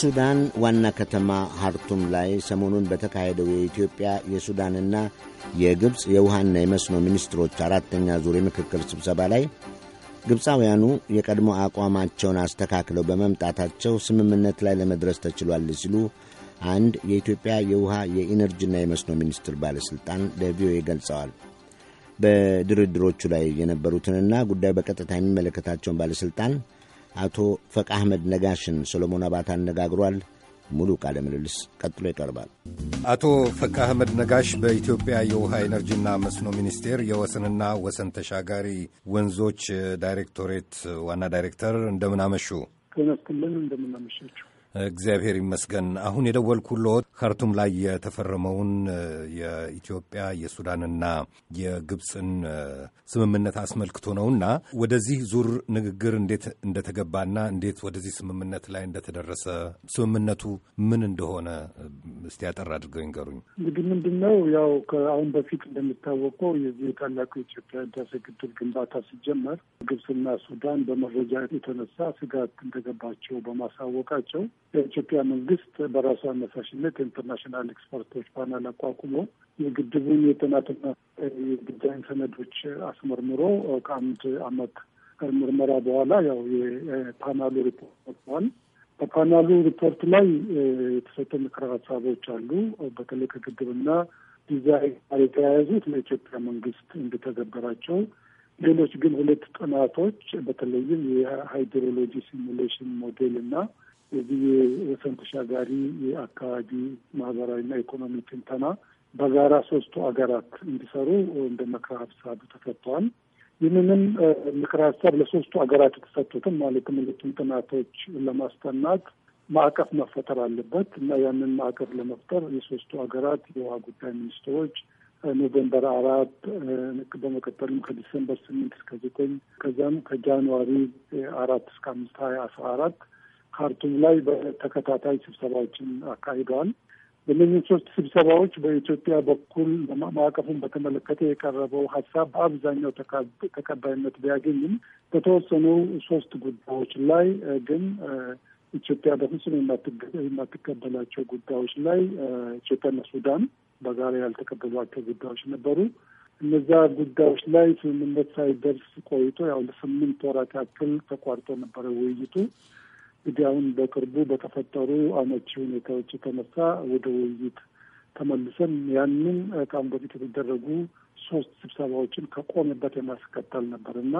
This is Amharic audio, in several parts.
ሱዳን ዋና ከተማ ሀርቱም ላይ ሰሞኑን በተካሄደው የኢትዮጵያ የሱዳንና የግብፅ የውሃና የመስኖ ሚኒስትሮች አራተኛ ዙር የምክክር ስብሰባ ላይ ግብፃውያኑ የቀድሞ አቋማቸውን አስተካክለው በመምጣታቸው ስምምነት ላይ ለመድረስ ተችሏል ሲሉ አንድ የኢትዮጵያ የውሃ የኢነርጂና የመስኖ ሚኒስትር ባለሥልጣን ለቪኦኤ ገልጸዋል። በድርድሮቹ ላይ የነበሩትንና ጉዳዩ በቀጥታ የሚመለከታቸውን ባለሥልጣን አቶ ፈቃ አህመድ ነጋሽን ሰሎሞን አባት አነጋግሯል። ሙሉ ቃለ ምልልስ ቀጥሎ ይቀርባል። አቶ ፈቃ አህመድ ነጋሽ በኢትዮጵያ የውሃ ኤነርጂና መስኖ ሚኒስቴር የወሰንና ወሰን ተሻጋሪ ወንዞች ዳይሬክቶሬት ዋና ዳይሬክተር፣ እንደምናመሹ ከነስትልን እንደምናመሻቸው እግዚአብሔር ይመስገን። አሁን የደወልኩልዎት ካርቱም ላይ የተፈረመውን የኢትዮጵያ የሱዳንና የግብፅን ስምምነት አስመልክቶ ነውና ወደዚህ ዙር ንግግር እንዴት እንደተገባና እንዴት ወደዚህ ስምምነት ላይ እንደተደረሰ ስምምነቱ ምን እንደሆነ እስቲ ያጠር አድርገው ይንገሩኝ። እንግዲህ ምንድን ነው ያው ከአሁን በፊት እንደሚታወቀው የዚህ የታላቁ የኢትዮጵያ ህዳሴ ግድብ ግንባታ ሲጀመር ግብፅና ሱዳን በመረጃ የተነሳ ስጋት እንደገባቸው በማሳወቃቸው የኢትዮጵያ መንግስት በራሱ አነሳሽነት የኢንተርናሽናል ኤክስፐርቶች ፓናል አቋቁሞ የግድቡን የጥናትና የዲዛይን ሰነዶች አስመርምሮ ከአንድ አመት ምርመራ በኋላ ያው የፓናሉ ሪፖርት ወጥተዋል። በፓናሉ ሪፖርት ላይ የተሰጡ ምክረ ሀሳቦች አሉ። በተለይ ከግድብና ዲዛይን ጋር የተያያዙት ለኢትዮጵያ መንግስት እንዲተገበራቸው ሌሎች ግን ሁለት ጥናቶች በተለይም የሃይድሮሎጂ ሲሙሌሽን ሞዴል እና የዚህ የወሰን ተሻጋሪ የአካባቢ ማህበራዊና ኢኮኖሚ ትንተና በጋራ ሶስቱ አገራት እንዲሰሩ እንደ ምክረ ሀሳብ ተሰጥተዋል። ይህንንም ምክረ ሀሳብ ለሶስቱ አገራት የተሰጡትም ማለትም ሁለቱም ጥናቶች ለማስጠናት ማዕቀፍ መፈጠር አለበት እና ያንን ማዕቀፍ ለመፍጠር የሶስቱ ሀገራት የውሃ ጉዳይ ሚኒስትሮች ኖቬምበር አራት በመቀጠልም ከዲሰምበር ስምንት እስከ ዘጠኝ ከዚያም ከጃንዋሪ አራት እስከ አምስት ሀያ አስራ አራት ካርቱም ላይ በተከታታይ ስብሰባዎችን አካሂደዋል። በእነዚህ ሶስት ስብሰባዎች በኢትዮጵያ በኩል ማዕቀፉን በተመለከተ የቀረበው ሀሳብ በአብዛኛው ተቀባይነት ቢያገኝም በተወሰኑ ሶስት ጉዳዮች ላይ ግን ኢትዮጵያ በፍጹም የማትቀበላቸው ጉዳዮች ላይ ኢትዮጵያና ሱዳን በጋራ ያልተቀበሏቸው ጉዳዮች ነበሩ። እነዛ ጉዳዮች ላይ ስምምነት ሳይደርስ ቆይቶ ያው ለስምንት ወራት ያክል ተቋርጦ ነበረ ውይይቱ። እንግዲህ አሁን በቅርቡ በተፈጠሩ አመቺ ሁኔታዎች የተነሳ ወደ ውይይት ተመልሰን ያንን ከአሁን በፊት የተደረጉ ሶስት ስብሰባዎችን ከቆምበት የማስቀጠል ነበር እና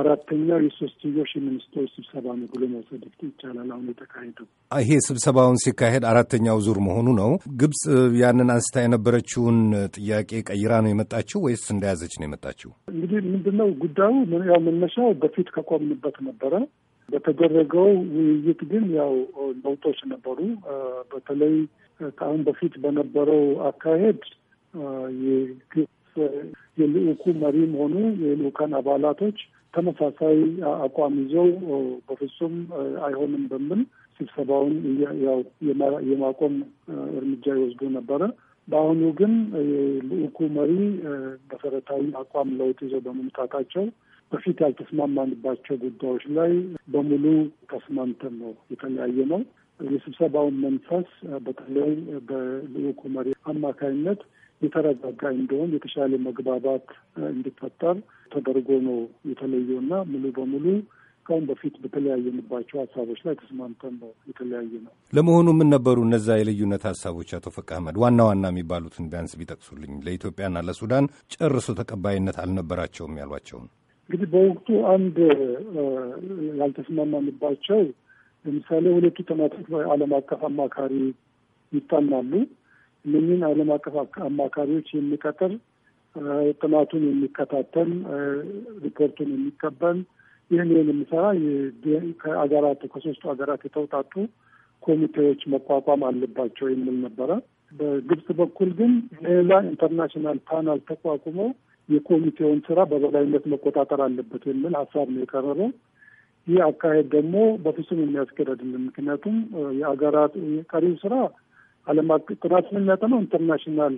አራተኛው የሶስትዮሽ የሚኒስትሮች ስብሰባ ነው ብሎ መውሰድ ይቻላል። አሁን የተካሄደው ይሄ ስብሰባውን ሲካሄድ አራተኛው ዙር መሆኑ ነው። ግብጽ ያንን አንስታ የነበረችውን ጥያቄ ቀይራ ነው የመጣችው ወይስ እንደያዘች ነው የመጣችው? እንግዲህ ምንድነው ጉዳዩ? ያው መነሻው በፊት ከቆምንበት ነበረ በተደረገው ውይይት ግን ያው ለውጦች ነበሩ። በተለይ ከአሁን በፊት በነበረው አካሄድ የግብጽ የልዑኩ መሪም ሆኑ የልዑካን አባላቶች ተመሳሳይ አቋም ይዘው በፍጹም አይሆንም በሚል ስብሰባውን ያው የማቆም እርምጃ ይወስዱ ነበረ። በአሁኑ ግን የልዑኩ መሪ መሰረታዊ አቋም ለውጥ ይዘው በመምጣታቸው በፊት ያልተስማማንባቸው ጉዳዮች ላይ በሙሉ ተስማምተን ነው የተለያየ ነው። የስብሰባውን መንፈስ በተለይ በልዑኩ መሪ አማካኝነት የተረጋጋ እንዲሆን የተሻለ መግባባት እንዲፈጠር ተደርጎ ነው የተለየውና ሙሉ በሙሉ ከአሁን በፊት በተለያየንባቸው ሀሳቦች ላይ ተስማምተን ነው የተለያየ ነው። ለመሆኑ ምን ነበሩ እነዛ የልዩነት ሀሳቦች? አቶ ፈቃ አህመድ ዋና ዋና የሚባሉትን ቢያንስ ቢጠቅሱልኝ። ለኢትዮጵያና ለሱዳን ጨርሶ ተቀባይነት አልነበራቸውም ያሏቸውን እንግዲህ በወቅቱ አንድ ያልተስማማንባቸው ለምሳሌ ሁለቱ ጥናቶች በዓለም አቀፍ አማካሪ ይጠናሉ። እነኝን ዓለም አቀፍ አማካሪዎች የሚቀጥር ጥናቱን የሚከታተል ሪፖርቱን የሚቀበል ይህን ይህን የሚሰራ ከአገራቱ ከሶስቱ ሀገራት የተውጣጡ ኮሚቴዎች መቋቋም አለባቸው የሚል ነበረ። በግብጽ በኩል ግን ሌላ ኢንተርናሽናል ፓናል ተቋቁመው የኮሚቴውን ስራ በበላይነት መቆጣጠር አለበት የሚል ሀሳብ ነው የቀረበው። ይህ አካሄድ ደግሞ በፍጹም የሚያስገድ አይደለም። ምክንያቱም የአገራት የቀሪው ስራ ዓለም ጥናትን የሚያጠናው ኢንተርናሽናል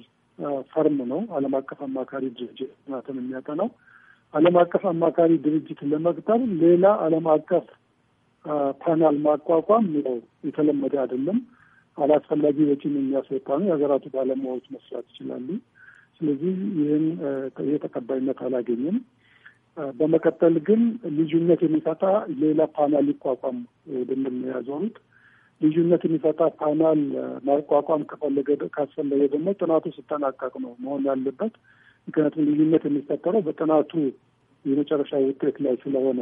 ፈርም uh, ነው። ዓለም አቀፍ አማካሪ ድርጅት ጥናትን የሚያጠናው ዓለም አቀፍ አማካሪ ድርጅት ለመቅጠር ሌላ ዓለም አቀፍ uh, ፓናል ማቋቋም ነው የተለመደ አይደለም። አላስፈላጊ ወጪን የሚያስወጣ ነው። የሀገራቱ ባለሙያዎች መስራት ይችላሉ። ስለዚህ ይህን የተቀባይነት አላገኝም። በመቀጠል ግን ልዩነት የሚፈታ ሌላ ፓናል ሊቋቋም ወደሚል ያዞሩት። ልዩነት የሚፈታ ፓናል ማቋቋም ከፈለገ ካስፈለገ ደግሞ ጥናቱ ሲጠናቀቅ ነው መሆን ያለበት። ምክንያቱም ልዩነት የሚፈጠረው በጥናቱ የመጨረሻ ውጤት ላይ ስለሆነ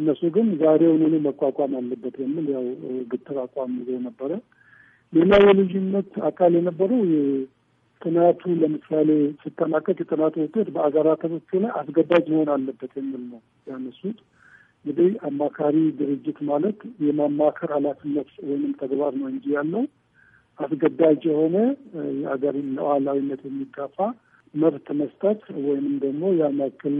እነሱ ግን ዛሬውኑ መቋቋም አለበት የሚል ያው ግትር አቋም ይዘው ነበረ። ሌላ የልዩነት አካል የነበረው ጥናቱ ለምሳሌ ሲጠናቀቅ የጥናቱ ውጤት በአገራቶቹ ላይ አስገዳጅ መሆን አለበት የሚል ነው ያነሱት። እንግዲህ አማካሪ ድርጅት ማለት የማማከር ኃላፊነት ወይም ተግባር ነው እንጂ ያለው አስገዳጅ የሆነ የአገርን ሉዓላዊነት የሚጋፋ መብት መስጠት ወይንም ደግሞ ያን ያክል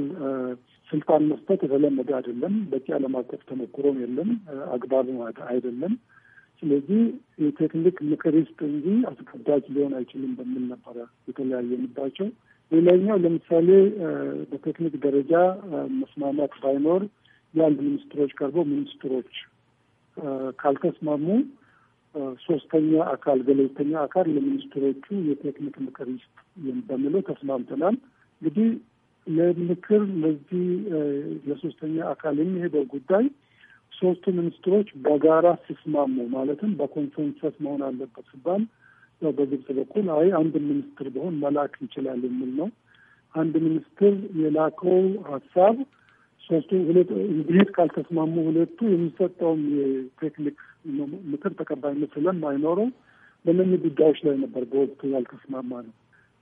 ስልጣን መስጠት የተለመደ አይደለም። በቂ ዓለም አቀፍ ተሞክሮም የለም። አግባብም አይደለም። ስለዚህ የቴክኒክ ምክር ይስጥ እንጂ አስገዳጅ ሊሆን አይችልም በሚል ነበረ የተለያየንባቸው። ሌላኛው ለምሳሌ በቴክኒክ ደረጃ መስማማት ባይኖር የአንድ ሚኒስትሮች ቀርበው ሚኒስትሮች ካልተስማሙ ሶስተኛ አካል ገለልተኛ አካል ለሚኒስትሮቹ የቴክኒክ ምክር ይስጥ በሚለው ተስማምተናል። እንግዲህ ለምክር ለዚህ ለሶስተኛ አካል የሚሄደው ጉዳይ ሶስቱ ሚኒስትሮች በጋራ ሲስማሙ ማለትም በኮንሰንሰስ መሆን አለበት ሲባል ያው በግብጽ በኩል አይ አንድ ሚኒስትር በሆን መላክ ይችላል የሚል ነው። አንድ ሚኒስትር የላከው ሀሳብ ሶስቱ ሁለት እንግዲህ ካልተስማሙ ሁለቱ የሚሰጠውም የቴክኒክ ምክር ተቀባይነት ስለማይኖረው በእነኚህ ጉዳዮች ላይ ነበር በወቅቱ ያልተስማማ ነው።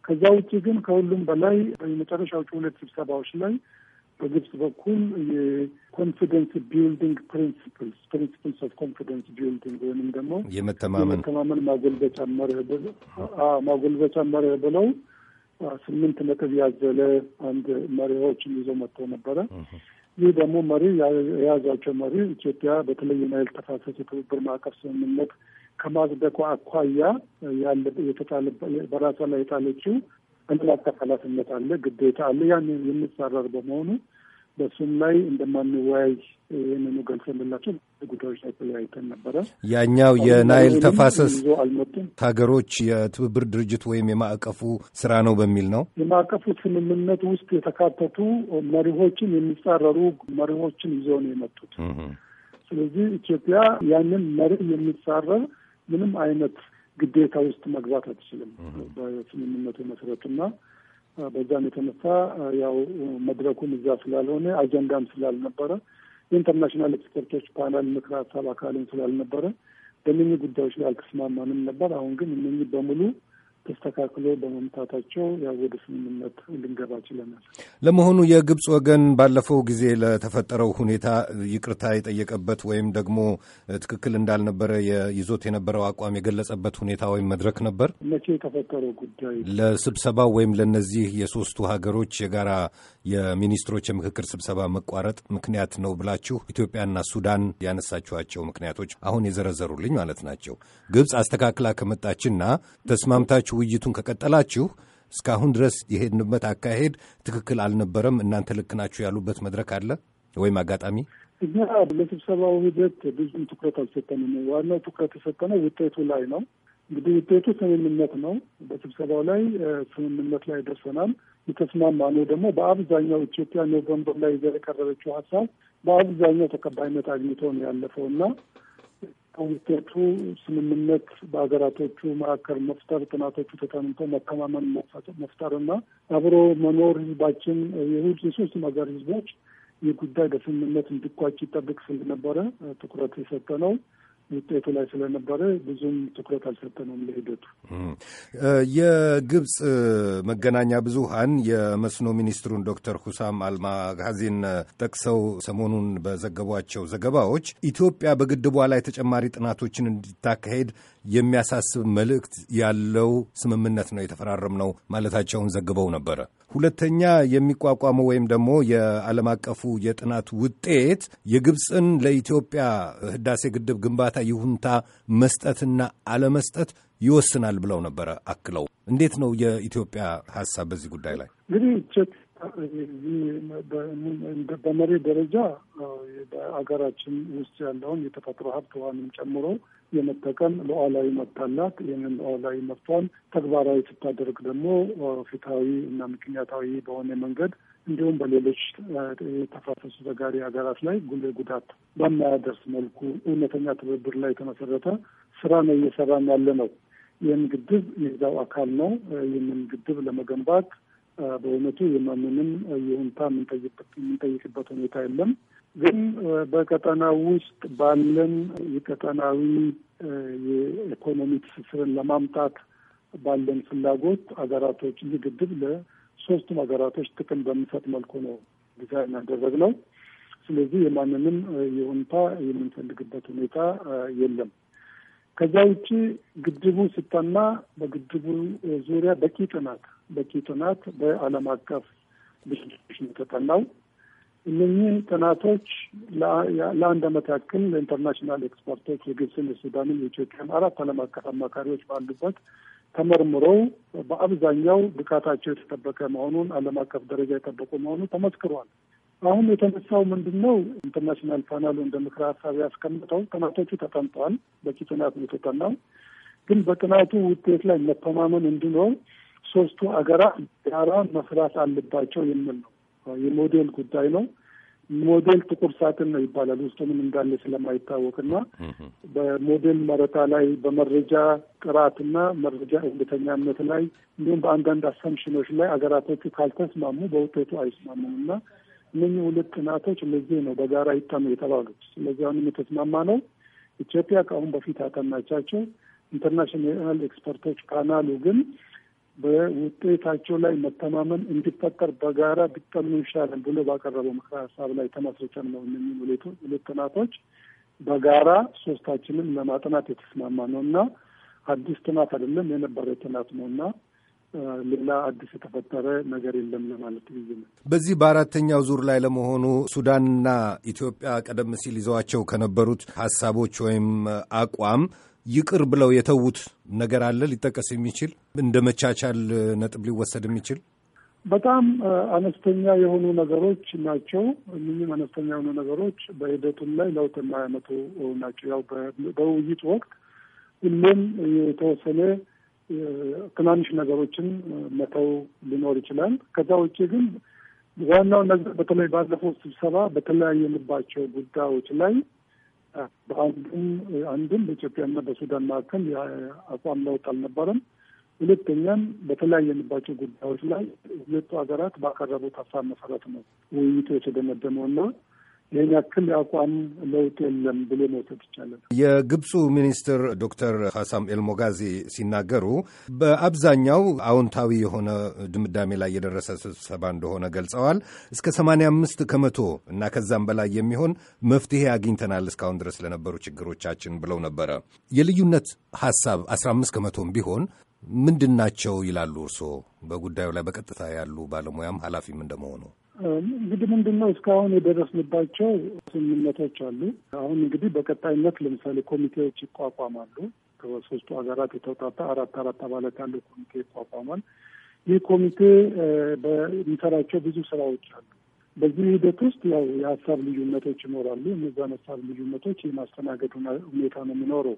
ከዛ ውጭ ግን ከሁሉም በላይ የመጨረሻዎቹ ሁለት ስብሰባዎች ላይ በግብጽ በኩል የኮንፊደንስ ቢልዲንግ ፕሪንስፕልስ ፕሪንስፕልስ ኦፍ ኮንፊደንስ ቢልዲንግ ወይንም ደግሞ የመተማመን መተማመን ማጎልበቻ መርህ ማጎልበቻ መርህ ብለው ስምንት ነጥብ ያዘለ አንድ መሪዎችን ይዞ መጥተው ነበረ። ይህ ደግሞ መሪ የያዟቸው መሪ ኢትዮጵያ በተለይ የናይል ተፋሰስ የትብብር ማዕቀፍ ስምምነት ከማጽደቁ አኳያ ያለ በራሷ ላይ የጣለችው እንቅላት ኃላፊነት አለ፣ ግዴታ አለ። ያንን የሚጻረር በመሆኑ በሱም ላይ እንደማንወያይ ይህንኑ ገልጸንላቸው ጉዳዮች ላይ ተለያይተን ነበረ። ያኛው የናይል ተፋሰስ ሀገሮች የትብብር ድርጅት ወይም የማዕቀፉ ስራ ነው በሚል ነው የማዕቀፉ ስምምነት ውስጥ የተካተቱ መሪሆችን የሚጻረሩ መሪሆችን ይዘው ነው የመጡት። ስለዚህ ኢትዮጵያ ያንን መሪ የሚጻረር ምንም አይነት ግዴታ ውስጥ መግባት አትችልም በስምምነቱ መሰረት እና በዛም የተነሳ ያው መድረኩም እዛ ስላልሆነ አጀንዳም ስላልነበረ የኢንተርናሽናል ኤክስፐርቶች ፓናል ምክር ሀሳብ አካልም ስላልነበረ በእነኚህ ጉዳዮች ላይ አልተስማማንም ነበር። አሁን ግን እነኚህ በሙሉ ተስተካክሎ በመምታታቸው ያው ወደ ስምምነት ልንገባ ችለናል። ለመሆኑ የግብፅ ወገን ባለፈው ጊዜ ለተፈጠረው ሁኔታ ይቅርታ የጠየቀበት ወይም ደግሞ ትክክል እንዳልነበረ ይዞት የነበረው አቋም የገለጸበት ሁኔታ ወይም መድረክ ነበር? መቼ የተፈጠረው ጉዳይ ለስብሰባው ወይም ለእነዚህ የሶስቱ ሀገሮች የጋራ የሚኒስትሮች የምክክር ስብሰባ መቋረጥ ምክንያት ነው ብላችሁ ኢትዮጵያና ሱዳን ያነሳችኋቸው ምክንያቶች አሁን የዘረዘሩልኝ ማለት ናቸው። ግብፅ አስተካክላ ከመጣችና ተስማምታችሁ ብላችሁ ውይይቱን ከቀጠላችሁ እስካሁን ድረስ የሄድንበት አካሄድ ትክክል አልነበረም፣ እናንተ ልክ ናችሁ ያሉበት መድረክ አለ ወይም አጋጣሚ? እኛ ለስብሰባው ሂደት ብዙም ትኩረት አልሰጠንም። ዋናው ትኩረት የሰጠነው ውጤቱ ላይ ነው። እንግዲህ ውጤቱ ስምምነት ነው። በስብሰባው ላይ ስምምነት ላይ ደርሰናል። የተስማማ ነው ደግሞ በአብዛኛው ኢትዮጵያ ኖቨምበር ላይ ይዘ የቀረበችው ሀሳብ በአብዛኛው ተቀባይነት አግኝቶ ነው ያለፈው እና ውጤቱ ስምምነት በሀገራቶቹ መካከል መፍጠር፣ ጥናቶቹ መከማመን መፍጠር መፍጠርና አብሮ መኖር ህዝባችን የሁድ የሶስቱም ሀገር ህዝቦች ይህ ጉዳይ በስምምነት እንዲኳች ይጠብቅ ስለነበረ ትኩረት የሰጠ ነው። ውጤቱ ላይ ስለነበረ ብዙም ትኩረት አልሰጠነውም ለሂደቱ። የግብፅ መገናኛ ብዙሃን የመስኖ ሚኒስትሩን ዶክተር ሁሳም አልማጋዚን ጠቅሰው ሰሞኑን በዘገቧቸው ዘገባዎች ኢትዮጵያ በግድቧ ላይ ተጨማሪ ጥናቶችን እንዲታካሄድ የሚያሳስብ መልእክት ያለው ስምምነት ነው የተፈራረምነው ማለታቸውን ዘግበው ነበረ። ሁለተኛ የሚቋቋመው ወይም ደግሞ የዓለም አቀፉ የጥናት ውጤት የግብፅን ለኢትዮጵያ ህዳሴ ግድብ ግንባታ ይሁንታ መስጠትና አለመስጠት ይወስናል ብለው ነበረ አክለው። እንዴት ነው የኢትዮጵያ ሀሳብ በዚህ ጉዳይ ላይ? እንግዲህ ደረጃ በሀገራችን ውስጥ ያለውን የተፈጥሮ ሀብት ውሃንም ጨምሮ የመጠቀም ሉዓላዊ መብት አላት። ይህንን ሉዓላዊ መብቷን ተግባራዊ ስታደርግ ደግሞ ፍትሐዊ እና ምክንያታዊ በሆነ መንገድ እንዲሁም በሌሎች የተፋሰሱ ተጋሪ ሀገራት ላይ ጉልህ ጉዳት በማያደርስ መልኩ እውነተኛ ትብብር ላይ የተመሰረተ ስራ ነው እየሰራን ያለ ነው። ይህን ግድብ የዛው አካል ነው። ይህንን ግድብ ለመገንባት በእውነቱ የማንንም ይሁንታ የምንጠይቅበት ሁኔታ የለም። ግን በቀጠና ውስጥ ባለን የቀጠናዊ የኢኮኖሚ ትስስርን ለማምጣት ባለን ፍላጎት ሀገራቶች ይህ ግድብ ሶስቱ ሀገራቶች ጥቅም በሚሰጥ መልኩ ነው ዲዛይን ነው። ስለዚህ የማንንም ይሁንታ የምንፈልግበት ሁኔታ የለም። ከዛ ውጭ ግድቡ ስጠና በግድቡ ዙሪያ በቂ ጥናት በቂ ጥናት በዓለም አቀፍ ድርጅቶች የተጠናው። እነኚህ ጥናቶች ለአንድ ዓመት ያክል ለኢንተርናሽናል ኤክስፐርቶች የግብፅን፣ የሱዳንን፣ የኢትዮጵያን አራት ዓለም አቀፍ አማካሪዎች ባሉበት ተመርምረው በአብዛኛው ብቃታቸው የተጠበቀ መሆኑን ዓለም አቀፍ ደረጃ የጠበቁ መሆኑ ተመስክሯል። አሁን የተነሳው ምንድን ነው? ኢንተርናሽናል ፓናሉ እንደ ምክረ ሀሳብ ያስቀምጠው ጥናቶቹ ተጠንተዋል። በቂ ጥናት የተጠናው። ግን በጥናቱ ውጤት ላይ መተማመን እንዲኖር ሶስቱ አገራት ጋራ መስራት አለባቸው የሚል ነው። የሞዴል ጉዳይ ነው። ሞዴል ጥቁር ሳጥን ነው ይባላል። ውስጡ ምን እንዳለ ስለማይታወቅና በሞዴል መረታ ላይ በመረጃ ጥራትና መረጃ እውነተኛነት ላይ እንዲሁም በአንዳንድ አሳምሽኖች ላይ አገራቶቹ ካልተስማሙ በውጤቱ አይስማሙም እና እነኚህ ሁለት ጥናቶች ለዚህ ነው በጋራ ይጠኑ የተባሉት። ስለዚህ አሁንም የተስማማ ነው ኢትዮጵያ ከአሁን በፊት አጠናቻቸው ኢንተርናሽናል ኤክስፐርቶች ካናሉ ግን በውጤታቸው ላይ መተማመን እንዲፈጠር በጋራ ቢጠኑ ይሻላል ብሎ ባቀረበው ምክረ ሀሳብ ላይ ተመስርተን ነው የሚሉ ሁለት ጥናቶች በጋራ ሶስታችንን ለማጥናት የተስማማ ነው እና አዲስ ጥናት አይደለም የነበረ ጥናት ነው እና ሌላ አዲስ የተፈጠረ ነገር የለም ለማለት ብዬ ነው። በዚህ በአራተኛው ዙር ላይ ለመሆኑ ሱዳንና ኢትዮጵያ ቀደም ሲል ይዘዋቸው ከነበሩት ሀሳቦች ወይም አቋም ይቅር ብለው የተዉት ነገር አለ ሊጠቀስ የሚችል እንደ መቻቻል ነጥብ ሊወሰድ የሚችል በጣም አነስተኛ የሆኑ ነገሮች ናቸው። እኒህም አነስተኛ የሆኑ ነገሮች በሂደቱም ላይ ለውጥ የማያመጡ ናቸው። ያው በውይይት ወቅት ሁሉም የተወሰነ ትናንሽ ነገሮችን መተው ሊኖር ይችላል። ከዛ ውጭ ግን ዋናው ነገር በተለይ ባለፈው ስብሰባ በተለያየንባቸው ጉዳዮች ላይ በአንድም አንድም በኢትዮጵያና በሱዳን መካከል የአቋም ለውጥ አልነበረም። ሁለተኛም በተለያየንባቸው ጉዳዮች ላይ ሁለቱ ሀገራት ባቀረቡት ሀሳብ መሰረት ነው ውይይቱ የተደመደመው እና ይህን ያክል አቋም ለውጥ የለም ብሎ መውሰድ ይቻላል። የግብፁ ሚኒስትር ዶክተር ሀሳም ኤልሞጋዚ ሲናገሩ በአብዛኛው አዎንታዊ የሆነ ድምዳሜ ላይ የደረሰ ስብሰባ እንደሆነ ገልጸዋል። እስከ ሰማንያ አምስት ከመቶ እና ከዛም በላይ የሚሆን መፍትሄ አግኝተናል እስካሁን ድረስ ለነበሩ ችግሮቻችን ብለው ነበረ። የልዩነት ሀሳብ አስራ አምስት ከመቶም ቢሆን ምንድን ናቸው ይላሉ እርስዎ በጉዳዩ ላይ በቀጥታ ያሉ ባለሙያም ኃላፊም እንደመሆኑ እንግዲህ ምንድን ነው እስካሁን የደረስንባቸው ስምምነቶች አሉ። አሁን እንግዲህ በቀጣይነት ለምሳሌ ኮሚቴዎች ይቋቋማሉ። ከሶስቱ ሀገራት የተውጣጣ አራት አራት አባላት ያለው ኮሚቴ ይቋቋማል። ይህ ኮሚቴ በሚሰራቸው ብዙ ስራዎች አሉ። በዚህ ሂደት ውስጥ ያው የሀሳብ ልዩነቶች ይኖራሉ። እነዛን ሀሳብ ልዩነቶች የማስተናገድ ሁኔታ ነው የሚኖረው።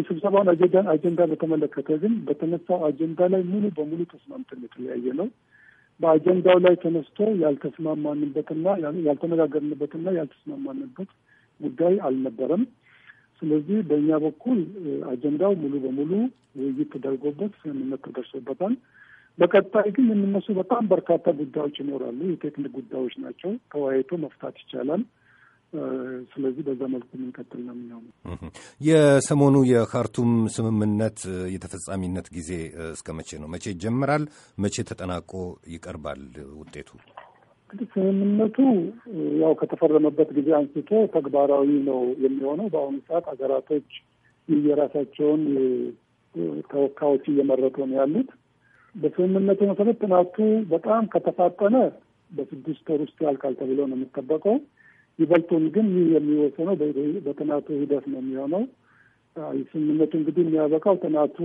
የስብሰባውን አጀንዳ በተመለከተ ግን በተነሳው አጀንዳ ላይ ሙሉ በሙሉ ተስማምተን የተለያየ ነው። በአጀንዳው ላይ ተነስቶ ያልተስማማንበትና ያልተነጋገርንበትና ያልተስማማንበት ጉዳይ አልነበረም። ስለዚህ በእኛ በኩል አጀንዳው ሙሉ በሙሉ ውይይት ተደርጎበት ስምምነት ተደርሶበታል። በቀጣይ ግን የሚነሱ በጣም በርካታ ጉዳዮች ይኖራሉ። የቴክኒክ ጉዳዮች ናቸው። ተወያይቶ መፍታት ይቻላል። ስለዚህ በዛ መልኩ የምንቀጥል ነው የሚሆኑ። የሰሞኑ የካርቱም ስምምነት የተፈጻሚነት ጊዜ እስከ መቼ ነው? መቼ ይጀምራል? መቼ ተጠናቆ ይቀርባል ውጤቱ? እንግዲህ ስምምነቱ ያው ከተፈረመበት ጊዜ አንስቶ ተግባራዊ ነው የሚሆነው። በአሁኑ ሰዓት ሀገራቶች የራሳቸውን ተወካዮች እየመረጡ ነው ያሉት። በስምምነቱ መሰረት ጥናቱ በጣም ከተፋጠነ በስድስት ወር ውስጥ ያልቃል ተብሎ ነው የሚጠበቀው። ይበልጡን ግን ይህ የሚወሰነው በጥናቱ ሂደት ነው የሚሆነው። ስምምነቱ እንግዲህ የሚያበቃው ጥናቱ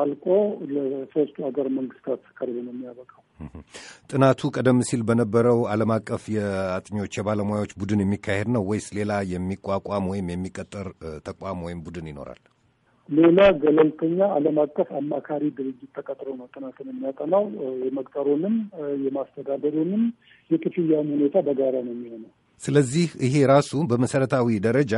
አልቆ ለሶስቱ ሀገር መንግስታት ቀርቦ ነው የሚያበቃው። ጥናቱ ቀደም ሲል በነበረው ዓለም አቀፍ የአጥኞች የባለሙያዎች ቡድን የሚካሄድ ነው ወይስ ሌላ የሚቋቋም ወይም የሚቀጠር ተቋም ወይም ቡድን ይኖራል? ሌላ ገለልተኛ ዓለም አቀፍ አማካሪ ድርጅት ተቀጥሮ ነው ጥናትን የሚያጠናው። የመቅጠሩንም የማስተዳደሩንም የክፍያውም ሁኔታ በጋራ ነው የሚሆነው። ስለዚህ ይሄ ራሱ በመሰረታዊ ደረጃ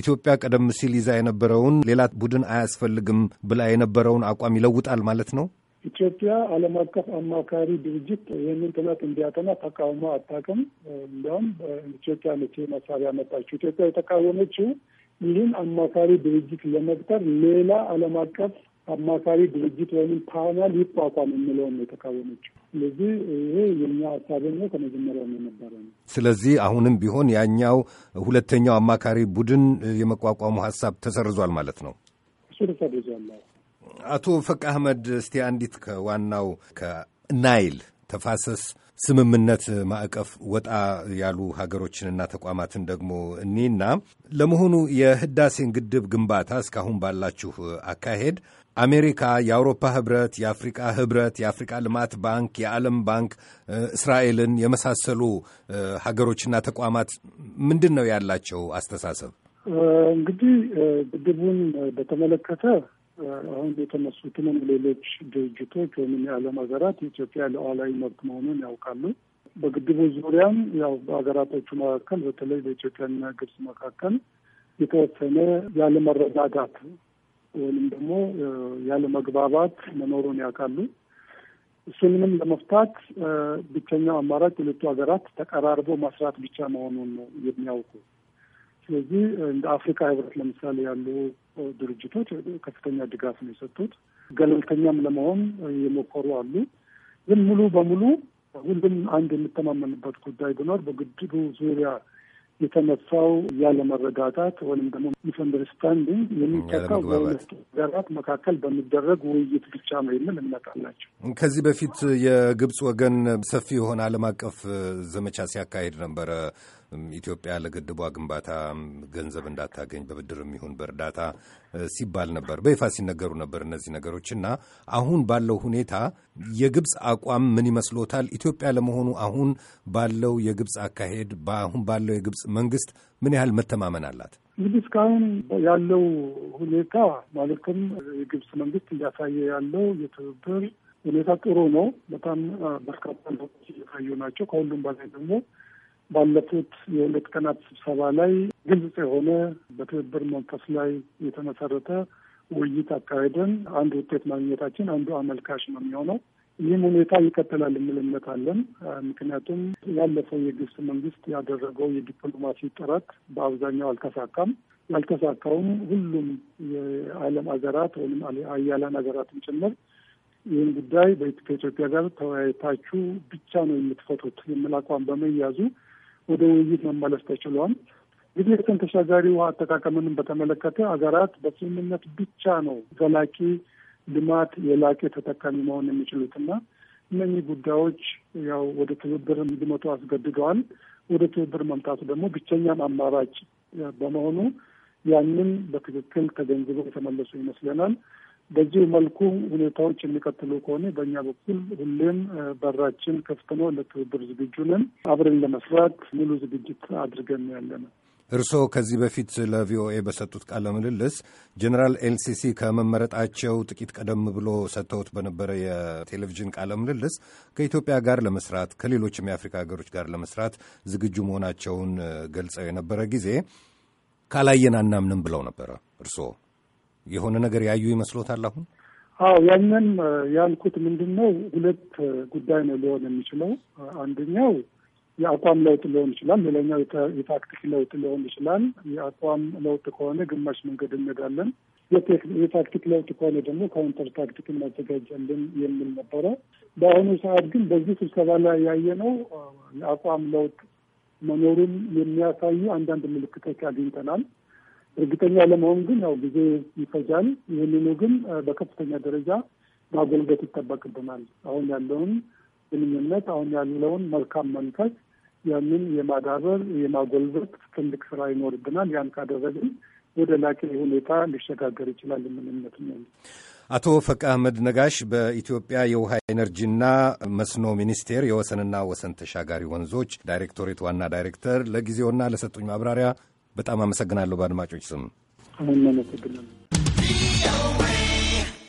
ኢትዮጵያ ቀደም ሲል ይዛ የነበረውን ሌላ ቡድን አያስፈልግም ብላ የነበረውን አቋም ይለውጣል ማለት ነው። ኢትዮጵያ ዓለም አቀፍ አማካሪ ድርጅት ይህንን ጥናት እንዲያጠና ተቃውሞ አታውቅም። እንዲያውም ኢትዮጵያ ነች መሳሪያ ያመጣችው። ኢትዮጵያ የተቃወመችው ይህን አማካሪ ድርጅት ለመቅጠር ሌላ ዓለም አቀፍ አማካሪ ድርጅት ወይም ፓናል ይቋቋም የሚለውን የተቃወመች ስለዚህ ይሄ የኛ ሀሳብና ከመጀመሪያው የነበረ ነው። ስለዚህ አሁንም ቢሆን ያኛው ሁለተኛው አማካሪ ቡድን የመቋቋሙ ሀሳብ ተሰርዟል ማለት ነው። እሱ ተሰርዟል። አቶ ፈቃ አህመድ እስቲ አንዲት ከዋናው ከናይል ተፋሰስ ስምምነት ማዕቀፍ ወጣ ያሉ ሀገሮችንና ተቋማትን ደግሞ እኒና ለመሆኑ የህዳሴን ግድብ ግንባታ እስካሁን ባላችሁ አካሄድ አሜሪካ፣ የአውሮፓ ህብረት፣ የአፍሪቃ ህብረት፣ የአፍሪቃ ልማት ባንክ፣ የዓለም ባንክ እስራኤልን የመሳሰሉ ሀገሮችና ተቋማት ምንድን ነው ያላቸው አስተሳሰብ? እንግዲህ ግድቡን በተመለከተ አሁን የተነሱትንም ሌሎች ድርጅቶች ወይም የዓለም ሀገራት የኢትዮጵያ ሉዓላዊ መብት መሆኑን ያውቃሉ። በግድቡ ዙሪያም ያው በሀገራቶቹ መካከል በተለይ በኢትዮጵያና ግብጽ መካከል የተወሰነ ያለመረዳዳት ወይም ደግሞ ያለ መግባባት መኖሩን ያውቃሉ። እሱንም ለመፍታት ብቸኛው አማራጭ ሁለቱ ሀገራት ተቀራርቦ መስራት ብቻ መሆኑን ነው የሚያውቁ። ስለዚህ እንደ አፍሪካ ህብረት ለምሳሌ ያሉ ድርጅቶች ከፍተኛ ድጋፍ ነው የሰጡት። ገለልተኛም ለመሆን የሞከሩ አሉ። ግን ሙሉ በሙሉ ሁሉም አንድ የምተማመንበት ጉዳይ ቢኖር በግድቡ ዙሪያ የተነሳው ያለመረጋጋት ወይም ደግሞ ሚስ የሚጠቃው የሚፈታው በሁለቱ ሀገራት መካከል በሚደረግ ውይይት ብቻ ነው የሚል እምነት ከዚህ በፊት የግብፅ ወገን ሰፊ የሆነ ዓለም አቀፍ ዘመቻ ሲያካሄድ ነበረ። ኢትዮጵያ ለግድቧ ግንባታ ገንዘብ እንዳታገኝ በብድርም ይሁን በእርዳታ ሲባል ነበር፣ በይፋ ሲነገሩ ነበር እነዚህ ነገሮች እና አሁን ባለው ሁኔታ የግብፅ አቋም ምን ይመስሎታል? ኢትዮጵያ ለመሆኑ አሁን ባለው የግብፅ አካሄድ፣ አሁን ባለው የግብፅ መንግስት ምን ያህል መተማመን አላት? እንግዲህ እስካሁን ያለው ሁኔታ ማለትም የግብፅ መንግስት እያሳየ ያለው የትብብር ሁኔታ ጥሩ ነው። በጣም በርካታ ለውጦች እየታዩ ናቸው። ከሁሉም በላይ ደግሞ ባለፉት የሁለት ቀናት ስብሰባ ላይ ግልጽ የሆነ በትብብር መንፈስ ላይ የተመሰረተ ውይይት አካሄደን አንድ ውጤት ማግኘታችን አንዱ አመልካች ነው የሚሆነው። ይህም ሁኔታ ይቀጥላል የሚል እምነት አለን። ምክንያቱም ያለፈው የግብጽ መንግስት ያደረገው የዲፕሎማሲ ጥረት በአብዛኛው አልተሳካም። ያልተሳካውም ሁሉም የዓለም ሀገራት ወይም አያላን ሀገራትን ጭምር ይህን ጉዳይ ከኢትዮጵያ ጋር ተወያይታችሁ ብቻ ነው የምትፈቱት የሚል አቋም በመያዙ ወደ ውይይት መመለስ ተችሏል። ጊዜትን ተሻጋሪ ውሃ አጠቃቀምንም በተመለከተ ሀገራት በስምምነት ብቻ ነው ዘላቂ ልማት የላቀ ተጠቃሚ መሆን የሚችሉትና እነኚህ ጉዳዮች ያው ወደ ትብብር እንዲመጡ አስገድደዋል። ወደ ትብብር መምጣቱ ደግሞ ብቸኛም አማራጭ በመሆኑ ያንን በትክክል ተገንዝበው የተመለሱ ይመስለናል። በዚህ መልኩ ሁኔታዎች የሚቀጥሉ ከሆነ በእኛ በኩል ሁሌም በራችን ክፍት ነው። ለትብብር ዝግጁ ነን። አብረን ለመስራት ሙሉ ዝግጅት አድርገን ያለ ነው። እርስዎ ከዚህ በፊት ለቪኦኤ በሰጡት ቃለ ምልልስ ጀኔራል ኤልሲሲ ከመመረጣቸው ጥቂት ቀደም ብሎ ሰጥተውት በነበረ የቴሌቪዥን ቃለ ምልልስ ከኢትዮጵያ ጋር ለመስራት ከሌሎችም የአፍሪካ ሀገሮች ጋር ለመስራት ዝግጁ መሆናቸውን ገልጸው የነበረ ጊዜ ካላየን አናምንም ብለው ነበረ እርስዎ የሆነ ነገር ያዩ ይመስሎታል? አሁን አዎ፣ ያንን ያልኩት ምንድን ነው፣ ሁለት ጉዳይ ነው ሊሆን የሚችለው። አንደኛው የአቋም ለውጥ ሊሆን ይችላል። ሌላኛው የታክቲክ ለውጥ ሊሆን ይችላል። የአቋም ለውጥ ከሆነ ግማሽ መንገድ እንሄዳለን። የታክቲክ ለውጥ ከሆነ ደግሞ ካውንተር ታክቲክ እናዘጋጃለን የሚል ነበረ። በአሁኑ ሰዓት ግን በዚህ ስብሰባ ላይ ያየነው የአቋም ለውጥ መኖሩን የሚያሳዩ አንዳንድ ምልክቶች አግኝተናል። እርግጠኛ ለመሆን ግን ያው ጊዜ ይፈጃል። ይህንኑ ግን በከፍተኛ ደረጃ ማጎልበት ይጠበቅብናል። አሁን ያለውን ግንኙነት አሁን ያለውን መልካም መንፈስ ያንን የማዳበር የማጎልበት ትልቅ ስራ ይኖርብናል። ያን ካደረግን ወደ ላቀ ሁኔታ ሊሸጋገር ይችላል የምንነት ነው። አቶ ፈቃ አህመድ ነጋሽ በኢትዮጵያ የውሃ ኤነርጂና መስኖ ሚኒስቴር የወሰንና ወሰን ተሻጋሪ ወንዞች ዳይሬክቶሬት ዋና ዳይሬክተር፣ ለጊዜውና ለሰጡኝ ማብራሪያ በጣም አመሰግናለሁ። በአድማጮች ስም አመሰግናለሁ።